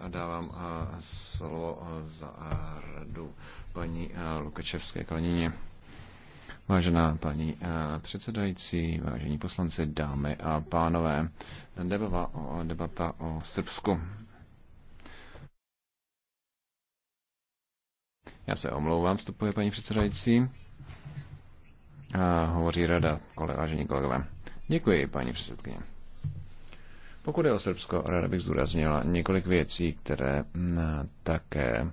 a dávám eh, slovo eh, za eh, radu paní Lukačevské klanině. Vážená paní předsedající, vážení poslanci, dámy a pánové, debava o, debata o Srbsku. Já se omlouvám, vstupuje paní předsedající. A hovoří rada, kole, vážení kolegové. Děkuji, paní předsedkyně. Pokud je o Srbsko, ráda bych zdůraznila několik věcí, které mm, také eh,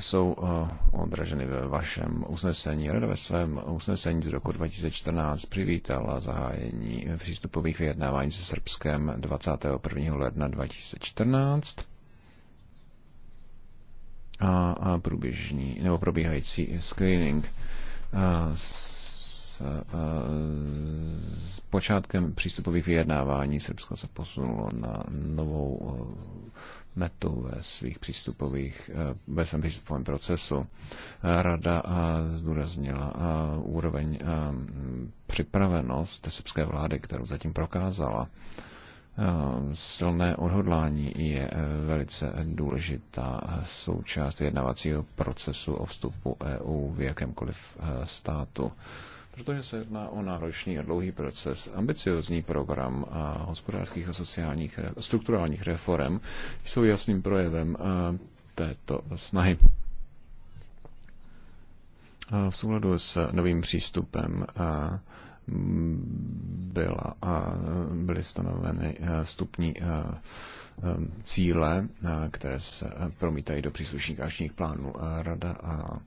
jsou eh, odraženy ve vašem usnesení. Rada ve svém usnesení z roku 2014 přivítala zahájení přístupových vyjednávání se Srbskem 21. ledna 2014 a, a průběžný nebo probíhající screening. Eh, s počátkem přístupových vyjednávání Srbsko se posunulo na novou e, metu ve svých přístupových, e, ve svém přístupovém procesu. E, Rada zdůraznila úroveň připravenost srbské vlády, kterou zatím prokázala. Silné odhodlání je velice důležitá součást jednavacího procesu o vstupu EU v jakémkoliv státu protože se jedná o náročný a dlouhý proces. Ambiciozní program a hospodářských a sociálních strukturálních reform jsou jasným projevem eh, této snahy. Eh, v souladu s novým přístupem eh, byla, byly stanoveny stupní cíle, které se promítají do příslušných akčních plánů. Rada a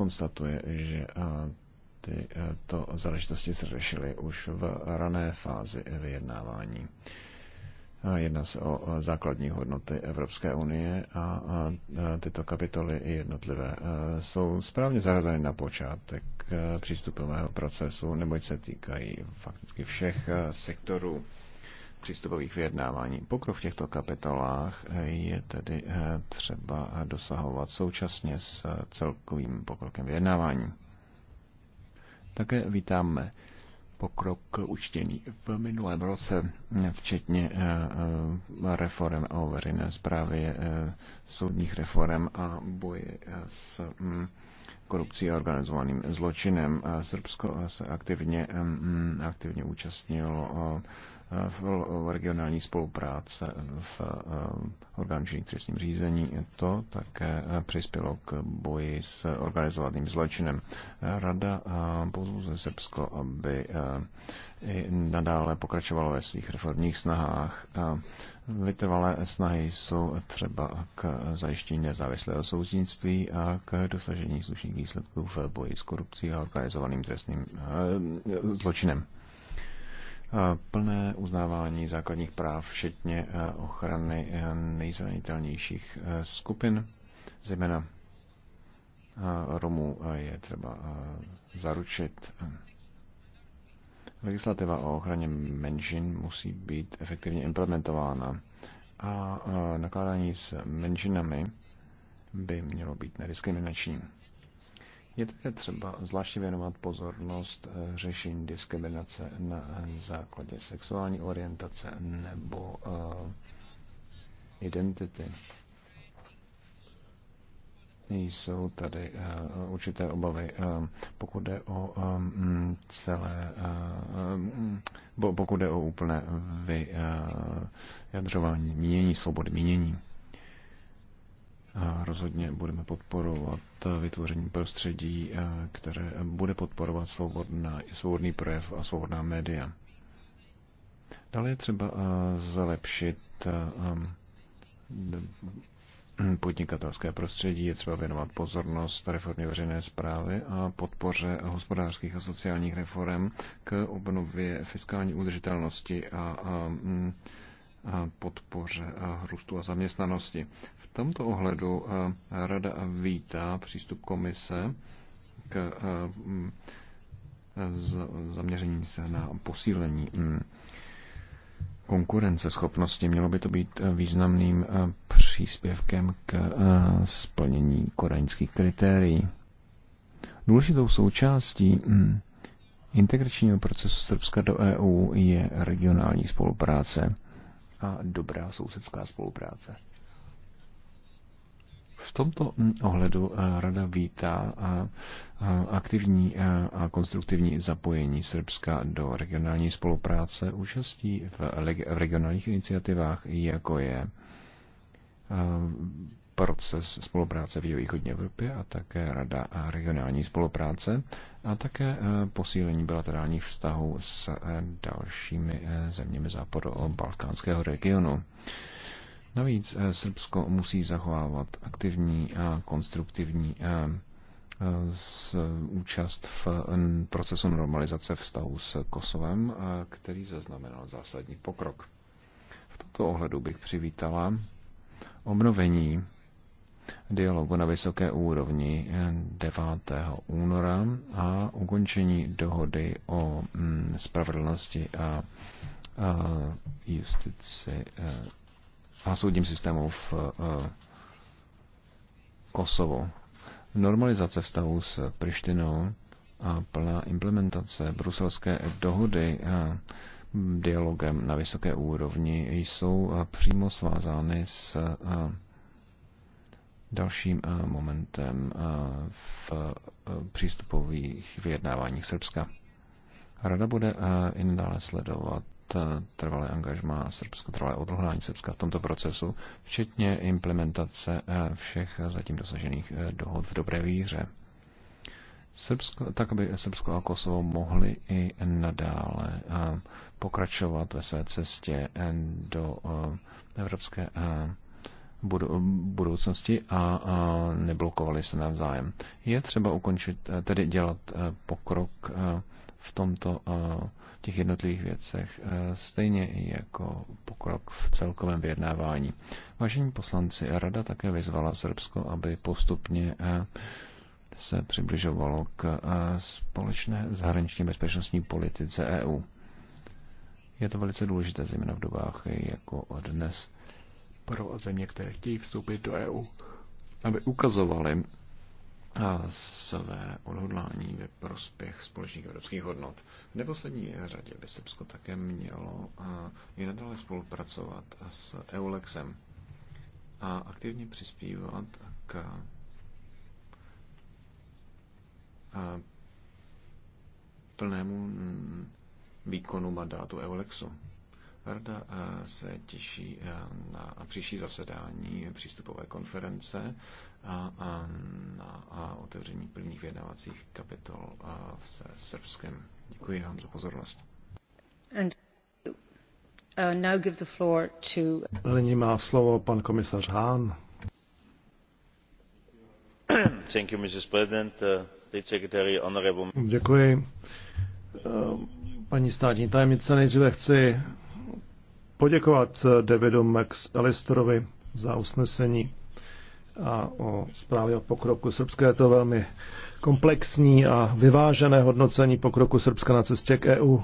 konstatuje, že tyto záležitosti se řešily už v rané fázi vyjednávání. Jedná se o základní hodnoty Evropské unie a tyto kapitoly i jednotlivé jsou správně zařazeny na počátek přístupového procesu, neboť se týkají fakticky všech sektorů přístupových vyjednávání. Pokrok v těchto kapitolách eh, je tedy eh, třeba dosahovat současně s eh, celkovým pokrokem vyjednávání. Také vítáme pokrok učtěný v minulém roce, včetně reform o veřejné zprávě, soudních reform a boji s mm, korupcí a organizovaným zločinem. Srbsko se aktivně, mm, aktivně účastnilo v regionální spolupráce v eh, orgánu činných trestním řízení. To také eh, přispělo k boji s organizovaným zločinem. Rada eh, pozvuzuje Srbsko, aby i nadále pokračovalo ve svých reformních snahách. Vytrvalé snahy jsou třeba k zajištění nezávislého soudnictví a k dosažení slušných výsledků v boji s korupcí a organizovaným trestným zločinem plné uznávání základních práv, všetně eh, ochrany eh, nejzranitelnějších eh, skupin, zejména Romů je třeba zaručit. Legislativa o ochraně menšin musí být efektivně implementována a nakládání s menšinami by mělo být nediskriminační. Je také třeba zvláště věnovat pozornost eh, řešení diskriminace na základě sexuální orientace nebo uh, identity. Jsou tady uh, určité obavy, uh, pokud jde o um, celé, uh, pokud jde o úplné vyjadřování mínění, svobody mínění. A rozhodně budeme podporovat vytvoření prostředí, eh, které bude podporovat svobodná, svobodný projev a svobodná média. Dále je třeba eh, zlepšit eh, podnikatelské prostředí, je třeba věnovat pozornost reformě veřejné zprávy a podpoře hospodářských a sociálních reform k obnově fiskální udržitelnosti a, a, a podpoře růstu a zaměstnanosti. V tomto ohledu Rada vítá přístup komise k zaměření se na posílení konkurenceschopnosti. Mělo by to být významným příspěvkem k splnění koreňských kritérií. Důležitou součástí integračního procesu Srbska do EU je regionální spolupráce a dobrá sousedská spolupráce. V tomto ohledu eh, Rada vítá eh, eh, aktivní a konstruktivní zapojení Srbska do regionální spolupráce účastí v regionálních iniciativách, jako je proces spolupráce v jihovýchodní Evropě a také Rada a regionální spolupráce a také eh, posílení bilaterálních vztahů s eh, dalšími eh, zeměmi západu balkánského regionu. Navíc Srbsko musí zachovávat aktivní a konstruktivní z účast v procesu normalizace vztahu s Kosovem, který zaznamenal zásadní pokrok. V tomto ohledu bych přivítala obnovení dialogu na vysoké úrovni 9. Eh, února a ukončení dohody o mm, spravedlnosti a justici eh, a soudním systému v eh, Kosovo. Normalizace vztahu s Prištinou a plná implementace bruselské dohody a dialogem na vysoké úrovni jsou přímo svázány s dalším eh, momentem eh, v eh, přístupových vyjednáváních Srbska. Rada bude i nadále sledovat trvalé angažma Srbska, trvalé odhodlání Srbska v tomto procesu, včetně implementace všech zatím dosažených dohod v dobré víře. Srbsko, tak aby Srbsko a Kosovo mohli i nadále pokračovat ve své cestě do Evropské budoucnosti a neblokovali se navzájem. Je třeba ukončit, eh, tedy dělat eh, pokrok eh, v tomto těch jednotlivých věcech, stejně i jako pokrok v celkovém vyjednávání. Vážení poslanci, Rada také vyzvala Srbsko, aby postupně se přibližovalo k společné zahraniční bezpečnostní politice EU. Je to velice důležité, zejména v dobách jako od dnes pro země, které chtějí vstoupit do EU, aby ukazovali své odhodlání ve prospěch společných evropských hodnot. V neposlední řadě by Srbsko také mělo i nadále spolupracovat s EULEXem a aktivně přispívat k plnému výkonu mandátu EULEXu. Lagarda eh, se těší eh, na příští zasedání přístupové konference a, na otevření prvních vyjednávacích kapitol eh, se Srbskem. Děkuji vám za pozornost. And uh, now give the floor to... Nyní má slovo pan komisař Hahn. Thank you, Mrs. President, uh, State Secretary, Honorable... Děkuji. Uh, paní státní tajemnice, nejdříve chci poděkovat eh, Davidu Max Alistorovi za usnesení a o zprávě o pokroku Srbska. Je to velmi komplexní a vyvážené hodnocení pokroku Srbska na cestě k EU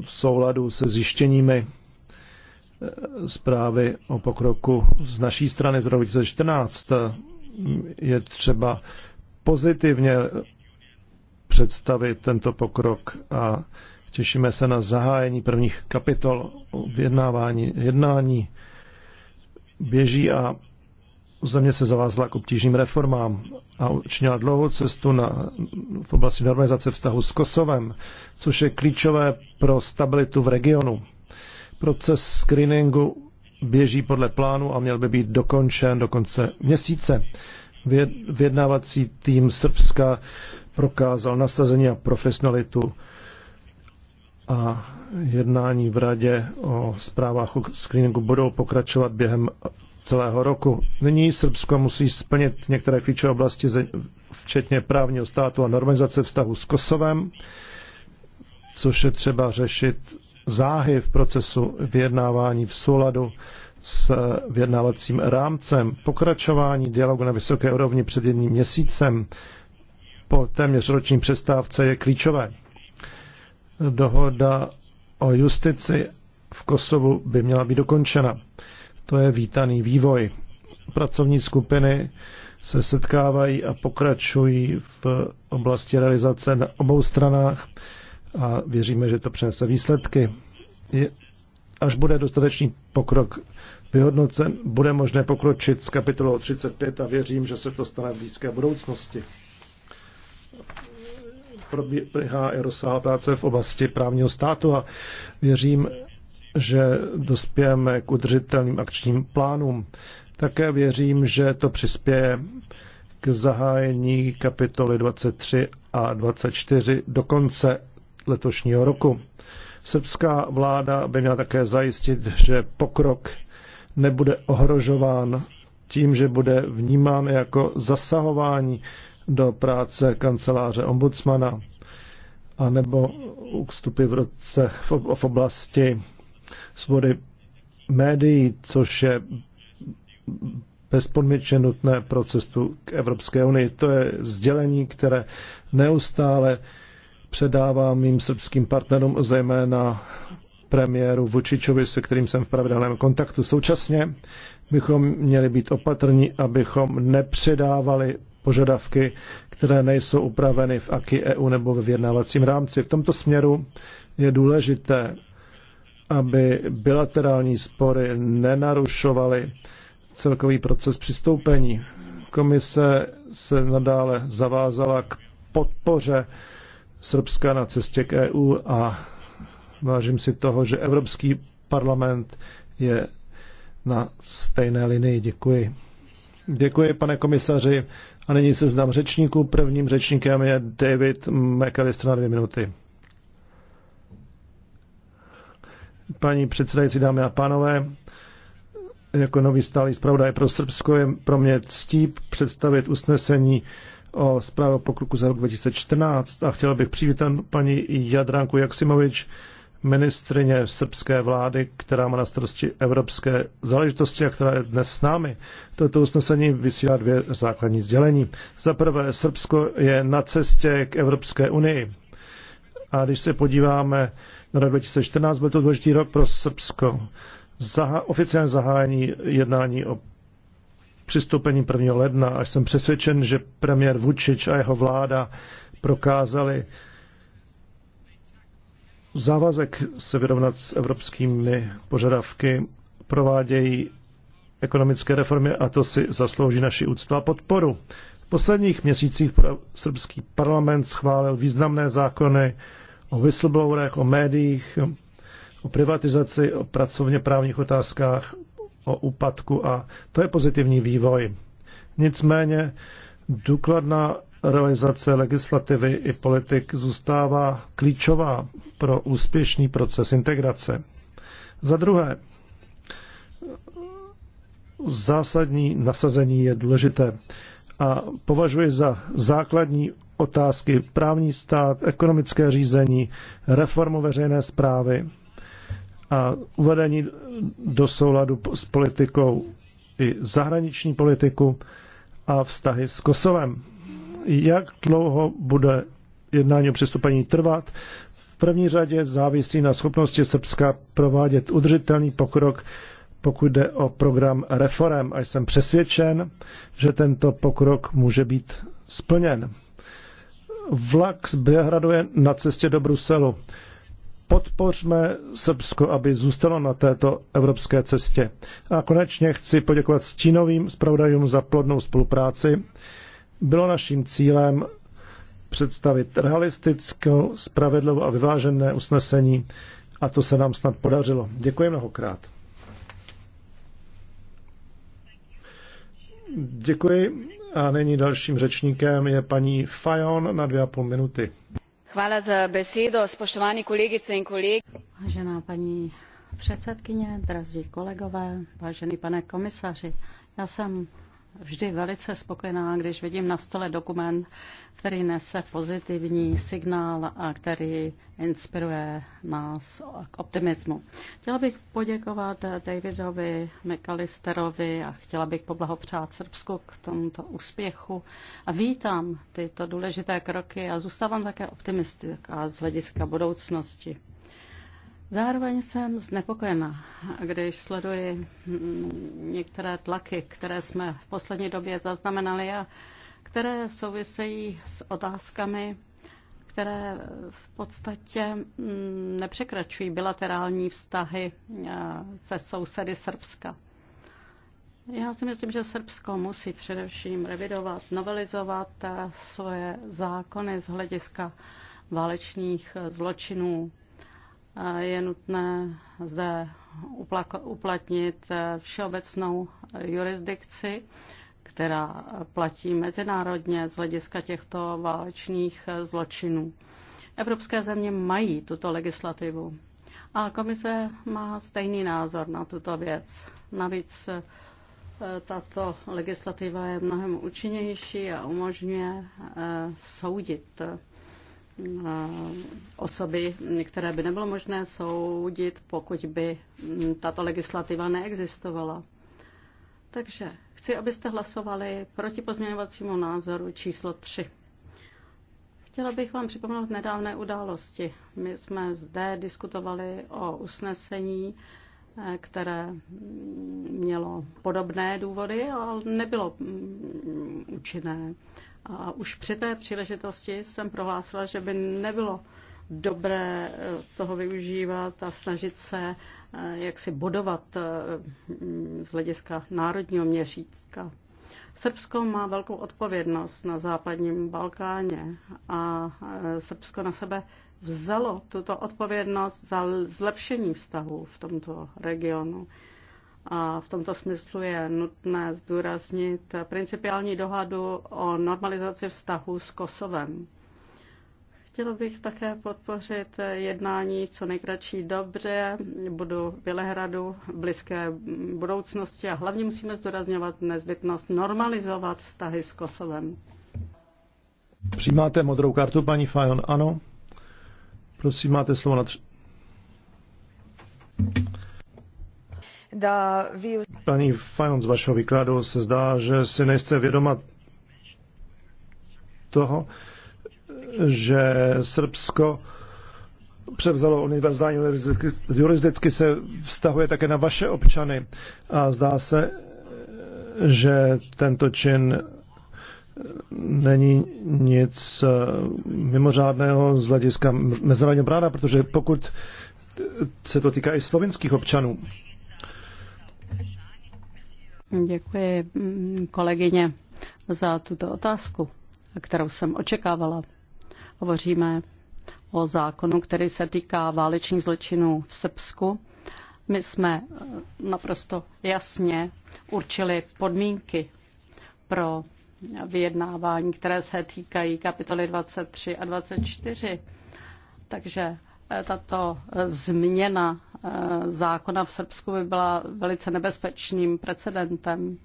v souladu se zjištěními eh, zprávy o pokroku z naší strany z roku 2014. Eh, je třeba pozitivně představit tento pokrok a Těšíme se na zahájení prvních kapitol vyjednávání, jednání běží a země se zavázla k obtížným reformám a učinila dlouhou cestu na, v oblasti normalizace vztahu s Kosovem, což je klíčové pro stabilitu v regionu. Proces screeningu běží podle plánu a měl by být dokončen do konce měsíce. Vyjednávací tým Srbska prokázal nasazení a profesionalitu a jednání v radě o zprávách o screeningu budou pokračovat během celého roku. Nyní Srbsko musí splnit některé klíčové oblasti, včetně právního státu a normalizace vztahu s Kosovem, což je třeba řešit záhy v procesu vyjednávání v souladu s vyjednávacím rámcem, pokračování dialogu na vysoké úrovni před jedním měsícem po téměř roční přestávce je klíčové dohoda o justici v Kosovu by měla být dokončena. To je vítaný vývoj. Pracovní skupiny se setkávají a pokračují v oblasti realizace na obou stranách a věříme, že to přinese výsledky. Je, až bude dostatečný pokrok vyhodnocen, bude možné pokročit s kapitolou 35 a věřím, že se to stane v blízké budoucnosti probíhá i rozsáhlá práce v oblasti právního státu a věřím, že dospějeme k udržitelným akčním plánům. Také věřím, že to přispěje k zahájení kapitoly 23 a 24 do konce letošního roku. Srbská vláda by měla také zajistit, že pokrok nebude ohrožován tím, že bude vnímán jako zasahování do práce kanceláře ombudsmana anebo ústupy v, roce, v oblasti svobody médií, což je bezpodmětně nutné pro cestu k Evropské unii. To je sdělení, které neustále předávám mým srbským partnerům, zejména premiéru Vučičovi, se kterým jsem v pravidelném kontaktu. Současně bychom měli být opatrní, abychom nepředávali požadavky, které nejsou upraveny v AKI EU nebo ve vyjednávacím rámci. V tomto směru je důležité, aby bilaterální spory nenarušovaly celkový proces přistoupení. Komise se nadále zavázala k podpoře Srbska na cestě k EU a vážím si toho, že Evropský parlament je na stejné linii. Děkuji. Děkuji, pane komisaři. A nyní se znám řečníků. Prvním řečníkem je David McAllister na dvě minuty. Paní předsedající, dámy a pánové, jako nový stálý zpravodaj pro Srbsko je pro mě ctí představit usnesení o zprávě o pokroku za rok 2014 a chtěl bych přivítat paní Jadránku Jaksimovič, ministrině srbské vlády, která má na starosti evropské záležitosti a která je dnes s námi. Toto usnesení vysílá dvě základní sdělení. Za prvé, Srbsko je na cestě k Evropské unii. A když se podíváme na rok 2014, byl to důležitý rok pro Srbsko. Zaha- oficiální zahájení jednání o přistoupení 1. ledna. Až jsem přesvědčen, že premiér Vučić a jeho vláda prokázali závazek se vyrovnat s evropskými požadavky provádějí ekonomické reformy a to si zaslouží naši úctu a podporu. V posledních měsících srbský parlament schválil významné zákony o whistleblowerech, o médiích, o privatizaci, o pracovně právních otázkách, o úpadku a to je pozitivní vývoj. Nicméně důkladná realizace legislativy i politik zůstává klíčová pro úspěšný proces integrace. Za druhé, zásadní nasazení je důležité a považuji za základní otázky právní stát, ekonomické řízení, reformu veřejné zprávy a uvedení do souladu s politikou i zahraniční politiku a vztahy s Kosovem jak dlouho bude jednání o přistupení trvat, v první řadě závisí na schopnosti Srbska provádět udržitelný pokrok, pokud jde o program reform. A jsem přesvědčen, že tento pokrok může být splněn. Vlak z Běhradu je na cestě do Bruselu. Podpořme Srbsko, aby zůstalo na této evropské cestě. A konečně chci poděkovat stínovým zpravodajům za plodnou spolupráci bylo naším cílem představit realistickou, spravedlivé a vyvážené usnesení a to se nám snad podařilo. Děkuji mnohokrát. Děkuji a nyní dalším řečníkem je paní Fajon na dvě a půl minuty. Chvála za besedo, spoštovaní kolegice in kolegy. Vážená paní předsedkyně, drazí kolegové, vážený pane komisaři, já jsem vždy velice spokojená, když vidím na stole dokument, který nese pozitivní signál a který inspiruje nás k optimismu. Chtěla bych poděkovat Davidovi McAllisterovi a chtěla bych poblahopřát Srbsku k tomuto úspěchu a vítám tyto důležité kroky a zůstávám také optimistická z hlediska budoucnosti. Zároveň jsem znepokojena, když sleduji mm, některé tlaky, které jsme v poslední době zaznamenali a které souvisejí s otázkami, které v podstatě mm, nepřekračují bilaterální vztahy e, se sousedy Srbska. Já si myslím, že Srbsko musí především revidovat, novelizovat e, svoje zákony z hlediska válečných e, zločinů je nutné zde uplatnit eh, všeobecnou jurisdikci, která platí mezinárodně z hlediska těchto válečných eh, zločinů. Evropské země mají tuto legislativu a komise má stejný názor na tuto věc. Navíc eh, tato legislativa je mnohem účinnější a umožňuje soudit osoby, které by nebylo možné soudit, pokud by tato legislativa neexistovala. Takže chci, abyste hlasovali proti pozměňovacímu názoru číslo 3. Chtěla bych vám připomenout nedávné události. My jsme zde diskutovali o usnesení, které mělo podobné důvody, ale nebylo mm, účinné. A už při té příležitosti jsem prohlásila, že by nebylo dobré eh, toho využívat a snažit se eh, jak si bodovat eh, mm, z hlediska národního měřítka. Srbsko má velkou odpovědnost na západním Balkáně a Srbsko na sebe vzalo tuto odpovědnost za zlepšení vztahu v tomto regionu. A v tomto smyslu je nutné zdůraznit principiální dohadu o normalizaci vztahu s Kosovem. Chtěla bych také podpořit jednání co nejkratší dobře. Budu v Bělehradu v blízké budoucnosti a hlavně musíme zdůrazňovat nezbytnost normalizovat vztahy s Kosovem. Přijímáte modrou kartu, paní Fajon? Ano. Prosím, máte slovo na tři da Paní Fajon, z vašeho výkladu se zdá, že si nejste vědoma toho, že Srbsko převzalo univerzální jurisdicky se vztahuje také na vaše občany a zdá se, že tento čin není nic eh, mimořádného z hlediska mezinárodního práva, protože pokud se to týká i slovinských občanů, Děkuji mm, kolegyně za tuto otázku, kterou jsem očekávala. Hovoříme o zákonu, který se týká válečných zločinů v Srbsku. My jsme eh, naprosto jasně určili podmínky pro vyjednávání, které se týkají kapitoly 23 a 24. Takže eh, tato eh, změna Eh, zákona v Srbsku by byla velice nebezpečným precedentem.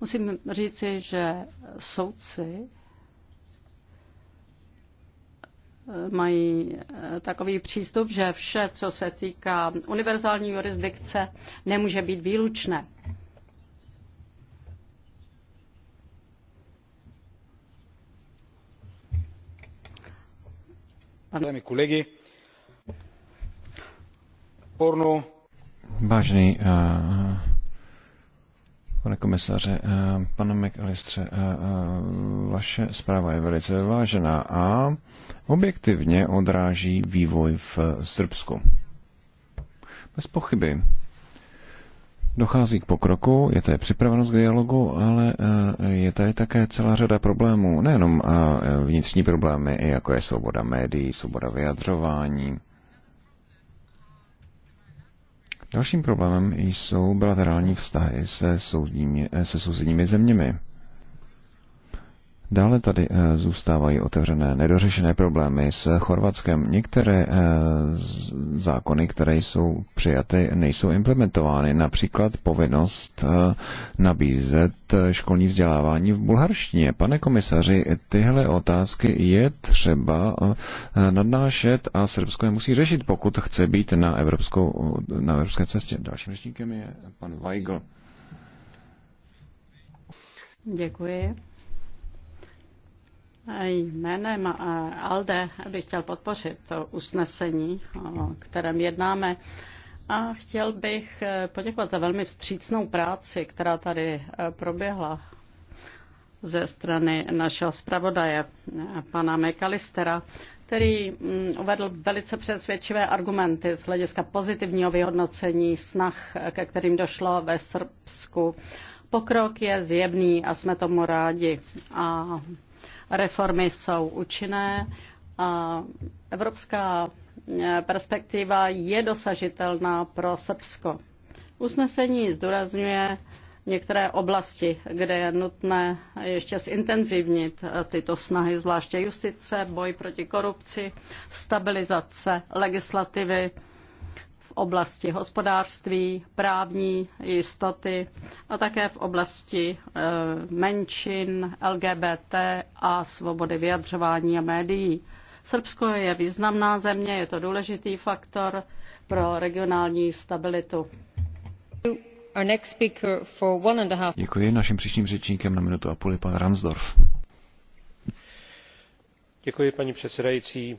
Musím říci, že soudci eh, mají eh, takový přístup, že vše, co se týká univerzální jurisdikce, nemůže být výlučné. Pane kolegy, Porno. Vážený uh, pane komisaře, uh, pane McAllistře, uh, eh, uh, vaše zpráva je velice vážená a objektivně odráží vývoj v Srbsku. Bez pochyby. Dochází k pokroku, je tady připravenost k dialogu, ale je tady také celá řada problémů, nejenom vnitřní problémy, jako je svoboda médií, svoboda vyjadřování, Dalším problémem jsou bilaterální vztahy se, se sousedními zeměmi. Dále tady eh, zůstávají otevřené nedořešené problémy s Chorvatskem. Některé eh, zákony, které jsou přijaty, nejsou implementovány. Například povinnost eh, nabízet školní vzdělávání v bulharštině. Pane komisaři, tyhle otázky je třeba nadnášet a Srbsko je musí řešit, pokud chce být na, evropskou, na evropské cestě. Dalším řečníkem je pan Weigl. Děkuji. Jménem eh, ALDE bych chtěl podpořit to usnesení, o kterém jednáme. A chtěl bych eh, poděkovat za velmi vstřícnou práci, která tady eh, proběhla ze strany našeho zpravodaje, pana Mekalistera, který mm, uvedl velice přesvědčivé argumenty z hlediska pozitivního vyhodnocení snah, ke kterým došlo ve Srbsku. Pokrok je zjevný a jsme tomu rádi. A reformy jsou účinné a evropská eh, perspektiva je dosažitelná pro Srbsko. Usnesení zdůrazňuje některé oblasti, kde je nutné ještě zintenzivnit eh, tyto snahy, zvláště justice, boj proti korupci, stabilizace legislativy oblasti hospodářství, právní jistoty a také v oblasti eh, menšin, LGBT a svobody vyjadřování a médií. Srbsko je významná země, je to důležitý faktor pro regionální stabilitu. Děkuji. Naším příštím řečníkem na minutu a půl je pan Ransdorf. Děkuji, paní předsedající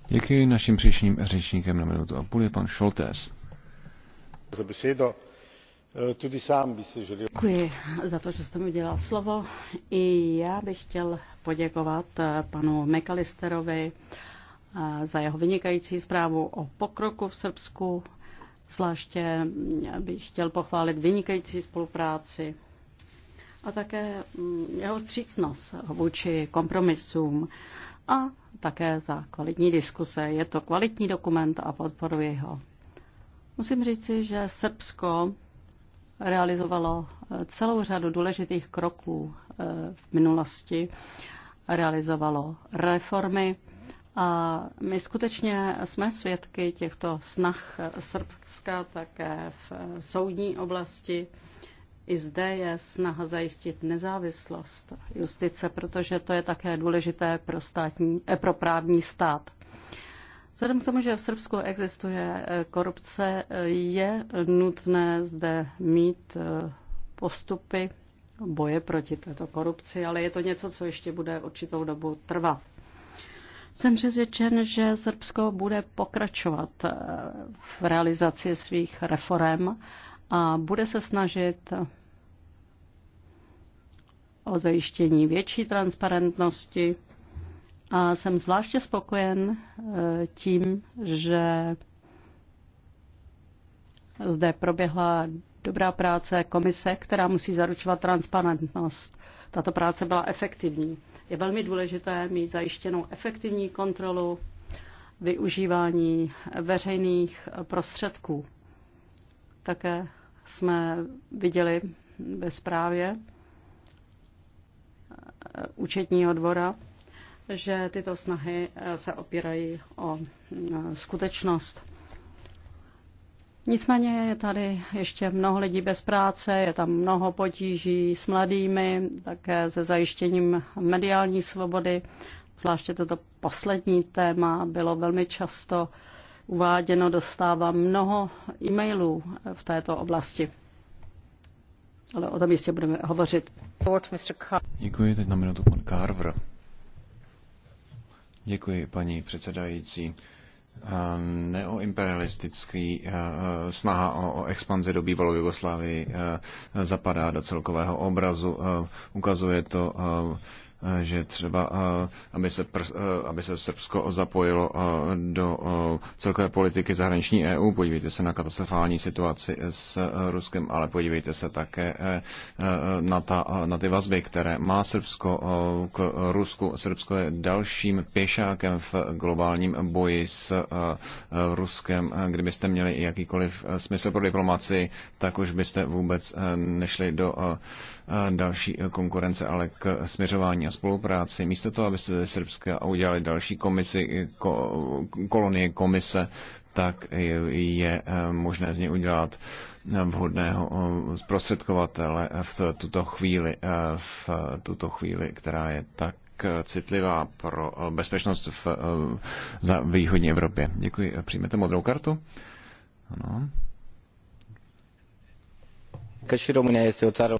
Děkuji naším příštím řečníkem na minutu a půl je pan Šoltés. Za besedo. Eh, Tudy sám by se želil. Děkuji za to, že jste mi udělal slovo. I já bych chtěl poděkovat eh, panu Mekalisterovi eh, za jeho vynikající zprávu o pokroku v Srbsku. Zvláště mm, bych chtěl pochválit vynikající spolupráci a také mm, jeho střícnost vůči kompromisům a také za kvalitní diskuse. Je to kvalitní dokument a podporuji ho. Musím říci, že Srbsko realizovalo eh, celou řadu důležitých kroků eh, v minulosti. Realizovalo reformy a my skutečně jsme svědky těchto snah Srbska také v eh, soudní oblasti. I zde je snaha zajistit nezávislost justice, protože to je také důležité pro, státní, eh, pro právní stát. Vzhledem k tomu, že v Srbsku existuje eh, korupce, eh, je nutné zde mít postupy boje proti této korupci, ale je to něco, co ještě bude určitou dobu trvat. Jsem přesvědčen, že Srbsko bude pokračovat v realizaci svých reform a bude se snažit o zajištění větší transparentnosti a jsem zvláště spokojen e, tím, že zde proběhla dobrá práce komise, která musí zaručovat transparentnost. Tato práce byla efektivní. Je velmi důležité mít zajištěnou efektivní kontrolu využívání veřejných prostředků. Také jsme viděli ve zprávě, Eh, účetního dvora, že tyto snahy eh, se opírají o eh, skutečnost. Nicméně je tady ještě mnoho lidí bez práce, je tam mnoho potíží s mladými, také se zajištěním mediální svobody. Zvláště toto poslední téma bylo velmi často uváděno, dostávám mnoho e-mailů v této oblasti ale o tom jistě budeme hovořit. Děkuji, teď na minutu pan Carver. Děkuji, paní předsedající neoimperialistický snaha o expanzi do bývalou Jugoslávii zapadá do celkového obrazu. Ukazuje to že třeba, eh, aby se, pr- eh, aby se Srbsko zapojilo eh, do celkové politiky zahraniční EU. Podívejte se na katastrofální situaci s Ruskem, ale podívejte se také na, ta, na ty vazby, které má Srbsko k Rusku. Srbsko je dalším pěšákem v globálním boji s Ruskem. Kdybyste měli jakýkoliv smysl pro diplomaci, tak už byste vůbec nešli do další konkurence, ale k směřování a spolupráci. Místo toho, abyste ze Srbska udělali další komisi, kolonie komise, tak je eh, možné z něj udělat vhodného eh, zprostředkovatele v tuto chvíli, eh, v tuto chvíli, která je tak citlivá pro bezpečnost v, za východní Evropě. Děkuji. Přijmete modrou kartu? Ano.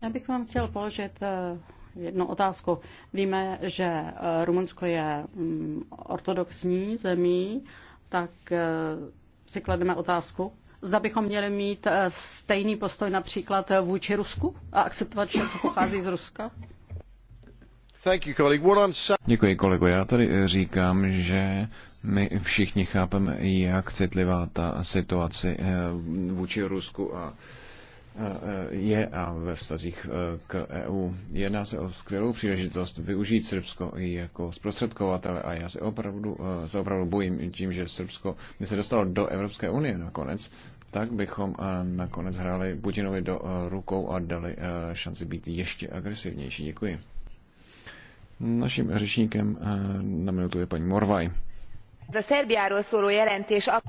Já bych vám chtěl položit eh, jednu otázku. Víme, že eh, Rumunsko je mm, ortodoxní zemí, tak eh, si klademe otázku, zda bychom měli mít stejný postoj například vůči Rusku a akceptovat vše, co pochází z Ruska? Děkuji, kolego. Já tady říkám, že my všichni chápeme, jak citlivá ta situace vůči Rusku a Eh, je a ve vztazích eh, k EU. Jedná se o skvělou příležitost využít Srbsko i jako zprostředkovatele a já se opravdu, eh, se opravdu bojím tím, že Srbsko by se dostalo do Evropské unie nakonec, tak bychom nakonec hráli Putinovi do rukou a dali šanci být ještě agresivnější. Děkuji. Naším řečníkem na minutu je paní Morvaj.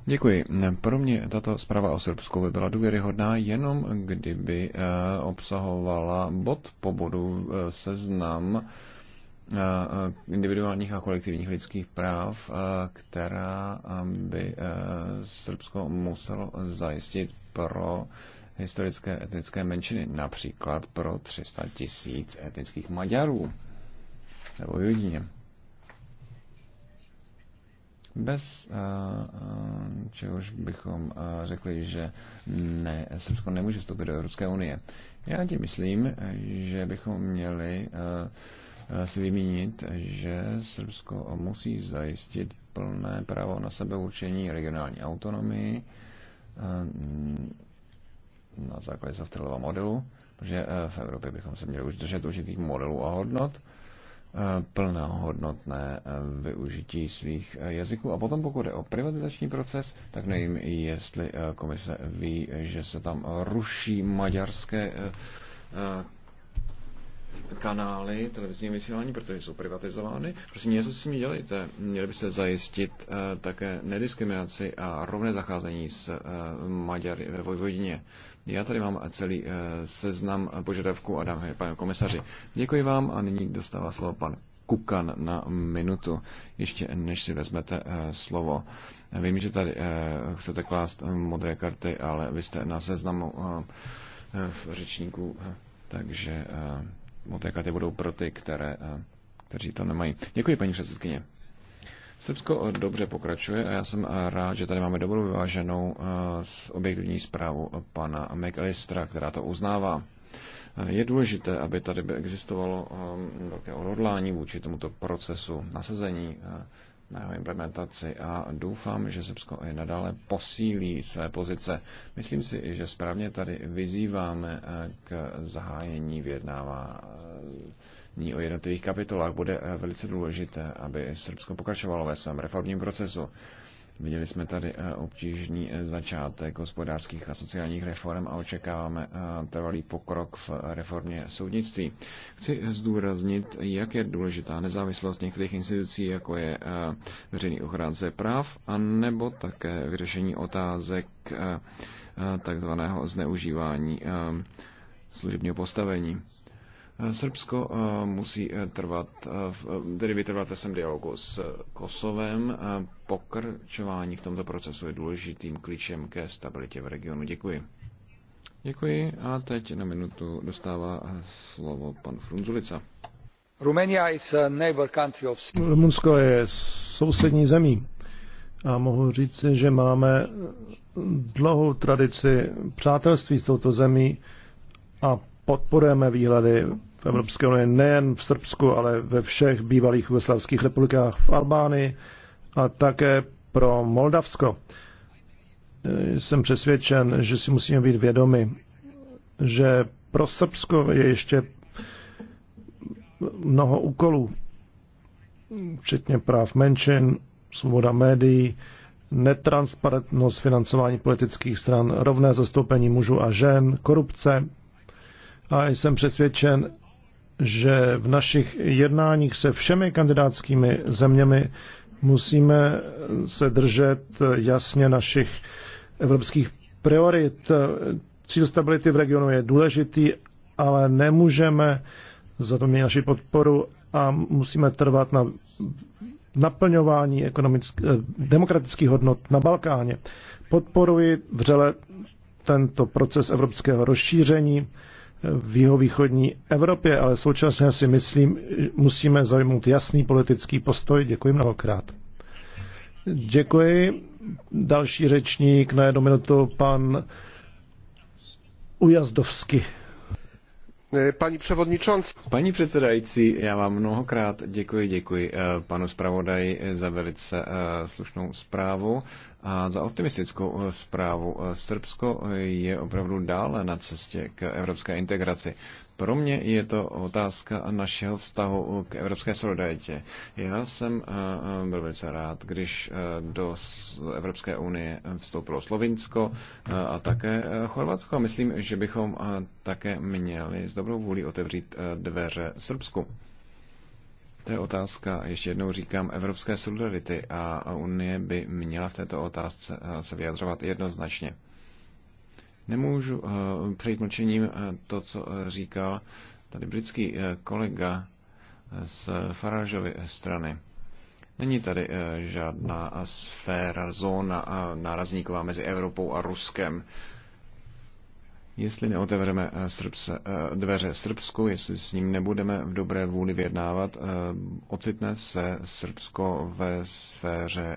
Děkuji. Pro mě tato zpráva o Srbsku by byla důvěryhodná jenom, kdyby eh, obsahovala bod po bodu eh, seznam eh, individuálních a kolektivních lidských práv, která by Srbsko muselo zajistit pro historické etnické menšiny, například pro 300 tisíc etnických Maďarů nebo Judině bez eh, eh, čehož bychom eh, řekli, že ne, Srbsko nemůže vstoupit do Evropské unie. Já ti myslím, že bychom měli si vymínit, že Srbsko musí zajistit plné právo na sebeurčení regionální autonomii na základě Softrelova modelu, protože v Evropě bychom se měli už držet určitých modelů a hodnot, plnohodnotné eh, využití svých eh, jazyků. A potom, pokud je o privatizační proces, tak nevím, jestli eh, komise ví, že se tam ruší maďarské kanály televizní vysílání, protože jsou privatizovány. Prosím, něco s nimi dělejte. Měli byste zajistit také nediskriminaci a rovné zacházení s Maďary ve Vojvodině. Já tady mám celý eh, seznam požadavků a dám je panu komisaři. Děkuji vám a nyní dostává slovo pan Kukan na minutu, ještě než si vezmete eh, slovo. Vím, že tady eh, chcete klást modré karty, ale vy jste na seznamu řečníku, takže modré karty budou pro ty, které, kteří to nemají. Děkuji, paní předsedkyně. Srbsko dobře pokračuje a já jsem rád, že tady máme dobrou vyváženou eh, objektivní zprávu pana McAllistera, která to uznává. Eh, je důležité, aby tady existovalo eh, velké odhodlání vůči tomuto procesu nasazení na jeho implementaci a doufám, že Srbsko i nadále posílí své pozice. Myslím si, že správně tady vyzýváme k zahájení vyjednávání ní o jednotlivých kapitolách bude eh, velice důležité, aby Srbsko pokračovalo ve svém reformním procesu. Viděli jsme tady eh, obtížný eh, začátek hospodářských a sociálních reform a očekáváme trvalý pokrok v reformě soudnictví. Chci zdůraznit, jak je důležitá nezávislost některých institucí, jako je veřejný ochránce práv, a nebo také vyřešení otázek takzvaného zneužívání služebního postavení. Srbsko eh, musí eh, trvat, eh, tedy vytrvat ve svém dialogu s Kosovem. Pokračování v tomto procesu je důležitým klíčem ke stabilitě v regionu. Děkuji. Děkuji a teď na minutu dostává slovo pan Frunzulica. is a neighbor country of... Rumunsko je sousední zemí a mohu říct, že máme dlouhou tradici přátelství s touto zemí a podporujeme výhledy v Evropské unii nejen v Srbsku, ale ve všech bývalých jugoslavských republikách v Albánii a také pro Moldavsko. Jsem přesvědčen, že si musíme být vědomi, že pro Srbsko je ještě mnoho úkolů, včetně práv menšin, svoboda médií, netransparentnost financování politických stran, rovné zastoupení mužů a žen, korupce, a jsem přesvědčen, že v našich jednáních se všemi kandidátskými zeměmi musíme se držet jasně našich evropských priorit. Cíl stability v regionu je důležitý, ale nemůžeme mít naši podporu a musíme trvat na naplňování demokratických hodnot na Balkáně. Podporuji vřele tento proces evropského rozšíření v jihovýchodní Evropě, ale současně si myslím, musíme zajmout jasný politický postoj. Děkuji mnohokrát. Děkuji. Další řečník na jednu minutu, pan Ujazdovský. Paní převodničanc. Paní předsedající, já vám mnohokrát děkuji, děkuji eh, panu zpravodaji eh, za velice eh, slušnou zprávu a za optimistickou eh, zprávu. Eh, Srbsko eh, je opravdu dále na cestě k evropské integraci. Pro mě je to otázka našeho vztahu k evropské solidaritě. Já jsem byl velice rád, když do Evropské unie vstoupilo Slovinsko a také Chorvatsko. Myslím, že bychom také měli s dobrou vůli otevřít dveře Srbsku. To je otázka, ještě jednou říkám, evropské solidarity a Unie by měla v této otázce se vyjadřovat jednoznačně. Nemůžu uh, přejít mlčením to, co říkal tady britský kolega z Faražovy strany. Není tady žádná sféra, zóna nárazníková mezi Evropou a Ruskem. Jestli neotevřeme eh, Srbse, eh, dveře Srbsku, jestli s ním nebudeme v dobré vůli vyjednávat, eh, ocitne se Srbsko ve sféře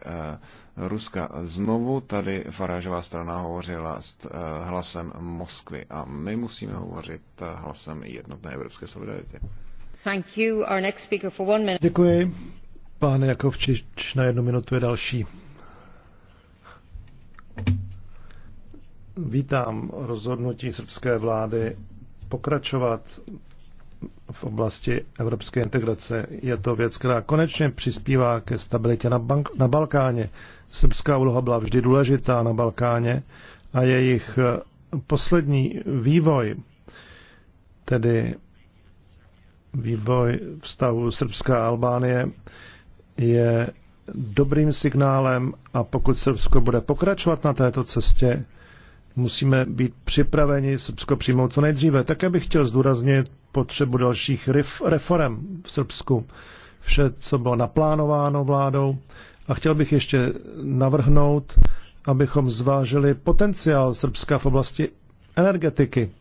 Ruska. Znovu tady Farážová strana hovořila s hlasem Moskvy a my musíme hovořit hlasem jednotné evropské solidarity. Thank you. Our next speaker for one minute. Děkuji. Pán Jakovčič na jednu minutu je další. Vítám rozhodnutí srbské vlády pokračovat v oblasti evropské integrace. Je to věc, která konečně přispívá ke stabilitě na, bank- na Balkáně. Srbská úloha byla vždy důležitá na Balkáně a jejich eh, poslední vývoj, tedy vývoj vztahu Srbská a Albánie, je dobrým signálem a pokud Srbsko bude pokračovat na této cestě, musíme být připraveni Srbsko přijmout co nejdříve. Také bych chtěl zdůraznit potřebu dalších reform v Srbsku. Vše, co bylo naplánováno vládou. A chtěl bych ještě navrhnout, abychom zvážili potenciál Srbska v oblasti energetiky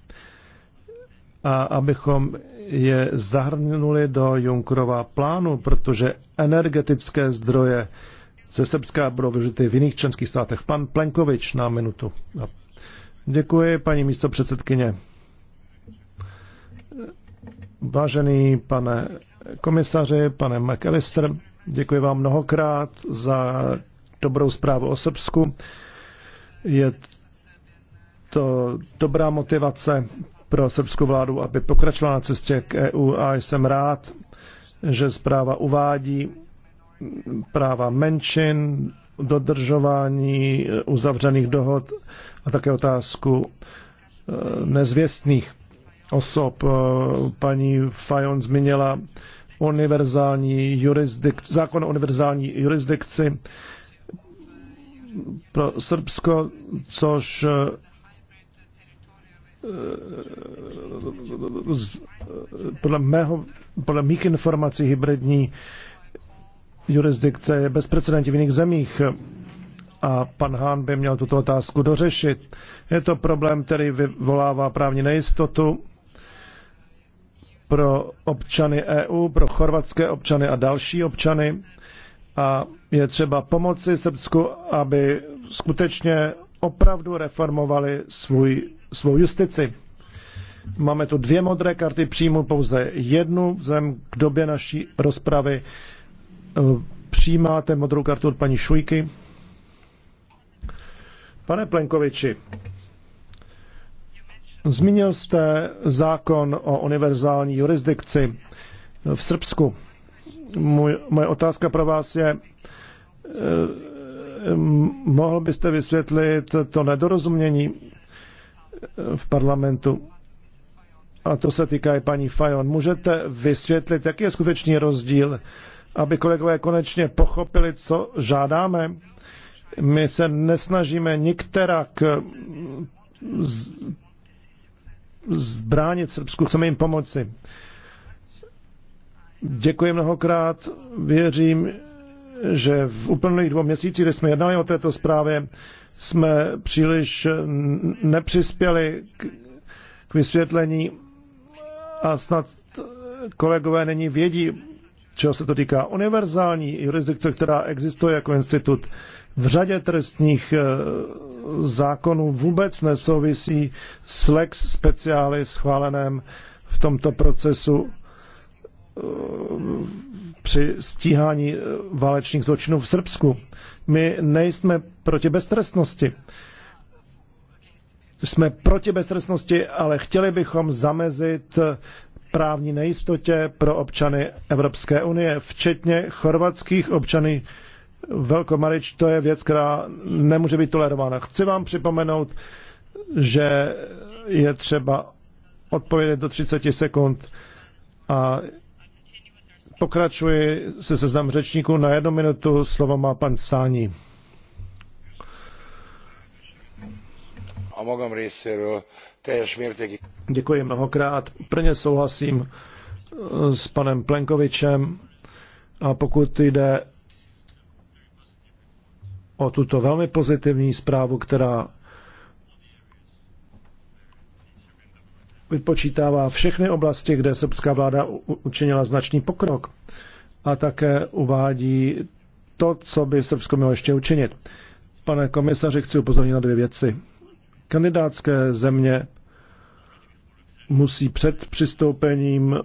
a abychom je zahrnuli do Junkrova plánu, protože energetické zdroje ze Srbska budou využity v jiných členských státech. Pan Plenkovič na minutu a Děkuji, paní místo předsedkyně. Vážený pane komisaři, pane McAllister, děkuji vám mnohokrát za dobrou zprávu o Srbsku. Je to dobrá motivace pro srbskou vládu, aby pokračovala na cestě k EU a jsem rád, že zpráva uvádí práva menšin, dodržování uzavřených dohod a také otázku eh, nezvěstných osob. Eh, paní Fajon zmínila univerzální jurisdik, zákon o univerzální jurisdikci pro Srbsko, což eh, podle, mého, podle mých informací hybridní jurisdikce je bezprecedentní v jiných zemích a pan Hán by měl tuto otázku dořešit. Je to problém, který vyvolává právní nejistotu pro občany EU, pro chorvatské občany a další občany. A je třeba pomoci Srbsku, aby skutečně opravdu reformovali svůj, svou justici. Máme tu dvě modré karty, příjmu, pouze jednu Zem k době naší rozpravy. E, přijímáte modrou kartu od paní Šujky? Pane Plenkoviči, zmínil jste zákon o univerzální jurisdikci v Srbsku. Můj, moje otázka pro vás je, eh, mohl byste vysvětlit to nedorozumění v parlamentu? A to se týká i paní Fajon. Můžete vysvětlit, jaký je skutečný rozdíl, aby kolegové konečně pochopili, co žádáme? My se nesnažíme nikterak eh, zbránit Srbsku, chceme jim pomoci. Děkuji mnohokrát, věřím, že v úplných dvou měsících, kdy jsme jednali o této zprávě, jsme příliš nepřispěli k, k vysvětlení a snad kolegové není vědí, čeho se to týká. Univerzální jurisdikce, která existuje jako institut, v řadě trestních eh, zákonů vůbec nesouvisí s lex speciály schváleném v tomto procesu eh, při stíhání eh, válečných zločinů v Srbsku. My nejsme proti beztrestnosti. Jsme proti beztrestnosti, ale chtěli bychom zamezit právní nejistotě pro občany Evropské unie, včetně chorvatských občanů, velkomarič, to je věc, která nemůže být tolerována. Chci vám připomenout, že je třeba odpovědět do 30 sekund a pokračuji se seznam řečníků. Na jednu minutu slovo má pan Sání. Děkuji mnohokrát. Prvně souhlasím s panem Plenkovičem. A pokud jde o tuto velmi pozitivní zprávu, která vypočítává všechny oblasti, kde srbská vláda učinila značný pokrok a také uvádí to, co by Srbsko mělo ještě učinit. Pane komisaři, chci upozornit na dvě věci. Kandidátské země musí před přistoupením